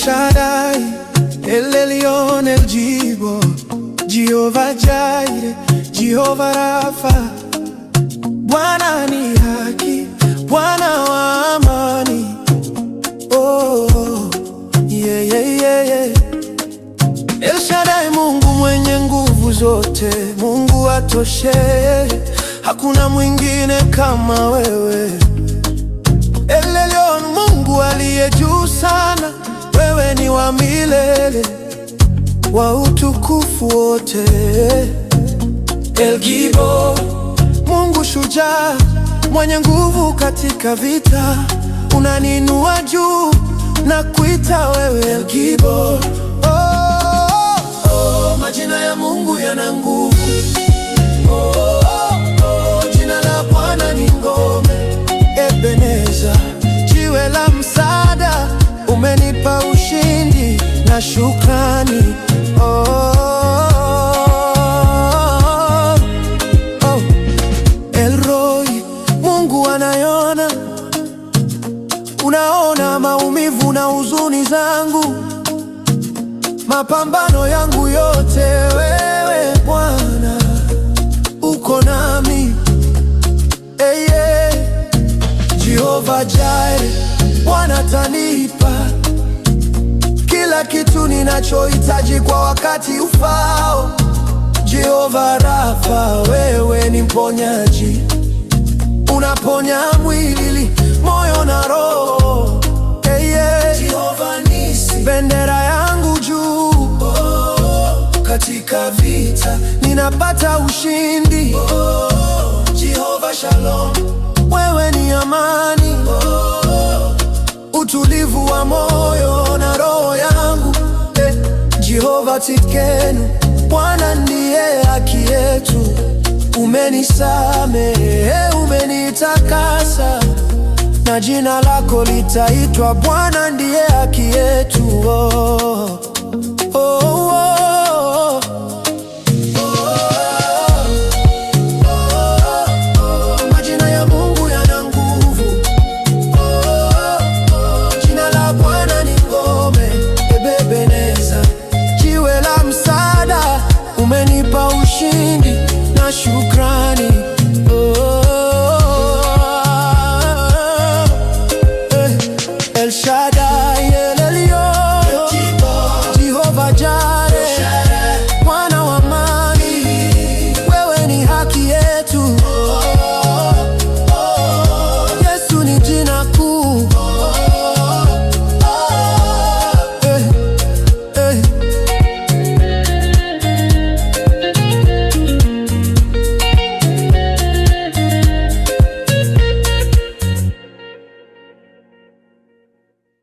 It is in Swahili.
Shaddai, El Elyon, El Jibo, Jehovah Jireh, Jehovah Rafa. Bwana ni haki, Bwana wa amani. Oh, yeah, yeah, yeah, yeah. El Shaddai, Mungu mwenye nguvu zote, Mungu atosheye, hakuna mwingine kama wewe. El Elyon, Mungu aliye juu sana wewe ni wa milele wa utukufu wote. El Gibo, Mungu shujaa, mwenye nguvu katika vita, unaninua juu na kuita wewe El Gibo. shukrani oh, oh, oh. Mungu anayona, unaona maumivu na huzuni zangu, mapambano yangu yote, wewe Bwana uko nami eye yeah. Jehova Jire, Bwana tanipa kila kitu ninachohitaji kwa wakati ufao. Jehova Rafa, wewe ni mponyaji, unaponya mwili, moyo na roho. Hey, yeah. Jehova Nisi, bendera yangu juu oh, katika vita ninapata ushindi oh, Jehova Shalom, wewe ni amani oh, utulivu wa moyo katikenu. Bwana ndiye haki yetu. Umenisamehe, eh, umenitakasa na jina lako litaitwa. Bwana ndiye haki yetu oh. Shaddai, El Elyon, Jehovah Jireh.